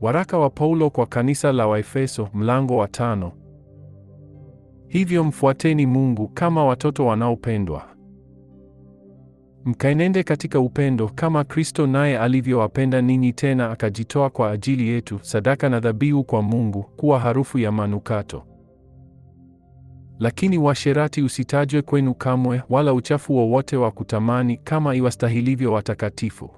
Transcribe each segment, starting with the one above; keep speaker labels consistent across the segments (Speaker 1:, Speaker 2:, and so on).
Speaker 1: Waraka wa Paulo kwa kanisa la Waefeso, mlango wa tano. Hivyo mfuateni Mungu kama watoto wanaopendwa, mkaenende katika upendo kama Kristo naye alivyowapenda ninyi, tena akajitoa kwa ajili yetu, sadaka na dhabihu kwa Mungu, kuwa harufu ya manukato. Lakini washerati usitajwe kwenu kamwe, wala uchafu wowote wa, wa kutamani, kama iwastahilivyo watakatifu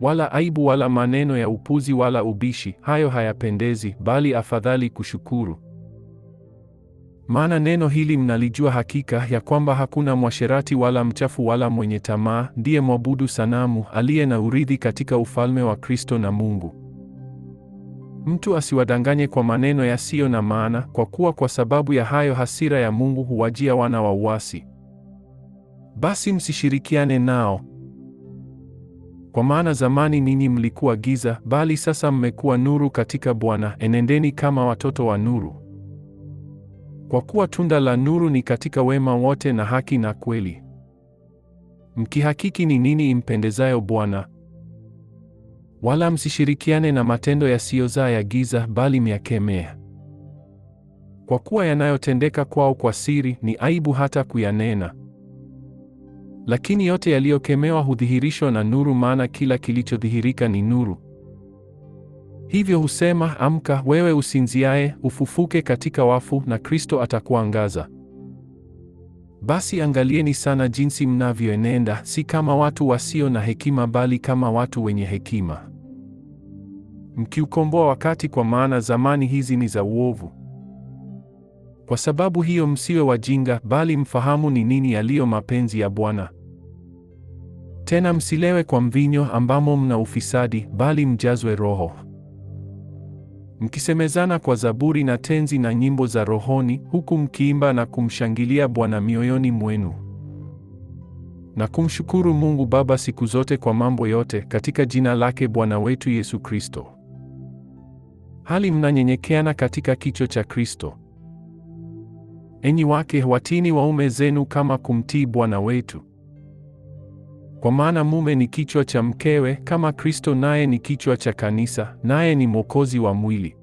Speaker 1: wala aibu wala maneno ya upuzi wala ubishi, hayo hayapendezi, bali afadhali kushukuru. Maana neno hili mnalijua hakika ya kwamba hakuna mwasherati wala mchafu wala mwenye tamaa, ndiye mwabudu sanamu, aliye na urithi katika ufalme wa Kristo na Mungu. Mtu asiwadanganye kwa maneno yasiyo na maana, kwa kuwa kwa sababu ya hayo hasira ya Mungu huwajia wana wa uasi. Basi msishirikiane nao. Kwa maana zamani ninyi mlikuwa giza, bali sasa mmekuwa nuru katika Bwana. Enendeni kama watoto wa nuru, kwa kuwa tunda la nuru ni katika wema wote na haki na kweli, mkihakiki ni nini impendezayo Bwana. Wala msishirikiane na matendo yasiyozaa ya giza, bali myakemea. Kwa kuwa yanayotendeka kwao kwa siri ni aibu hata kuyanena. Lakini yote yaliyokemewa hudhihirishwa na nuru, maana kila kilichodhihirika ni nuru. Hivyo husema, amka wewe usinziaye, ufufuke katika wafu, na Kristo atakuangaza. Basi angalieni sana jinsi mnavyoenenda, si kama watu wasio na hekima, bali kama watu wenye hekima, mkiukomboa wakati, kwa maana zamani hizi ni za uovu. Kwa sababu hiyo msiwe wajinga, bali mfahamu ni nini yaliyo mapenzi ya Bwana. Tena msilewe kwa mvinyo ambamo mna ufisadi, bali mjazwe Roho, mkisemezana kwa zaburi na tenzi na nyimbo za rohoni, huku mkiimba na kumshangilia Bwana mioyoni mwenu na kumshukuru Mungu Baba siku zote kwa mambo yote katika jina lake Bwana wetu Yesu Kristo, hali mnanyenyekeana katika kicho cha Kristo. Enyi wake, watini waume zenu kama kumtii Bwana wetu, kwa maana mume ni kichwa cha mkewe, kama Kristo naye ni kichwa cha kanisa, naye ni mwokozi wa mwili.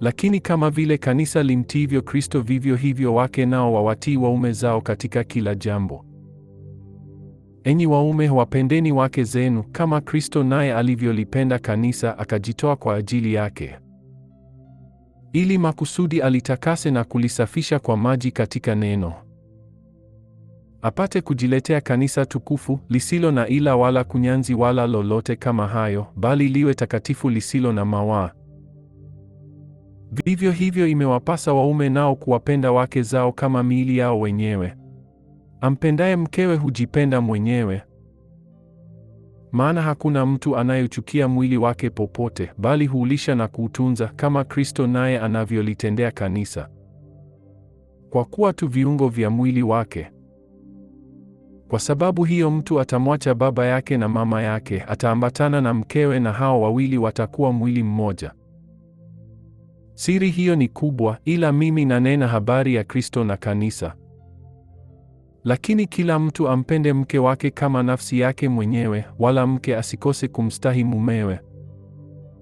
Speaker 1: Lakini kama vile kanisa limtiivyo Kristo, vivyo hivyo wake nao wawatii waume zao katika kila jambo. Enyi waume, wapendeni wake zenu kama Kristo naye alivyolipenda kanisa, akajitoa kwa ajili yake ili makusudi alitakase na kulisafisha kwa maji katika neno, apate kujiletea kanisa tukufu lisilo na ila wala kunyanzi wala lolote kama hayo, bali liwe takatifu lisilo na mawaa. Vivyo hivyo imewapasa waume nao kuwapenda wake zao kama miili yao wenyewe. Ampendaye mkewe hujipenda mwenyewe. Maana hakuna mtu anayeuchukia mwili wake popote, bali huulisha na kuutunza, kama Kristo naye anavyolitendea kanisa, kwa kuwa tu viungo vya mwili wake. Kwa sababu hiyo mtu atamwacha baba yake na mama yake, ataambatana na mkewe, na hao wawili watakuwa mwili mmoja. Siri hiyo ni kubwa, ila mimi nanena habari ya Kristo na kanisa. Lakini kila mtu ampende mke wake kama nafsi yake mwenyewe, wala mke asikose kumstahi mumewe.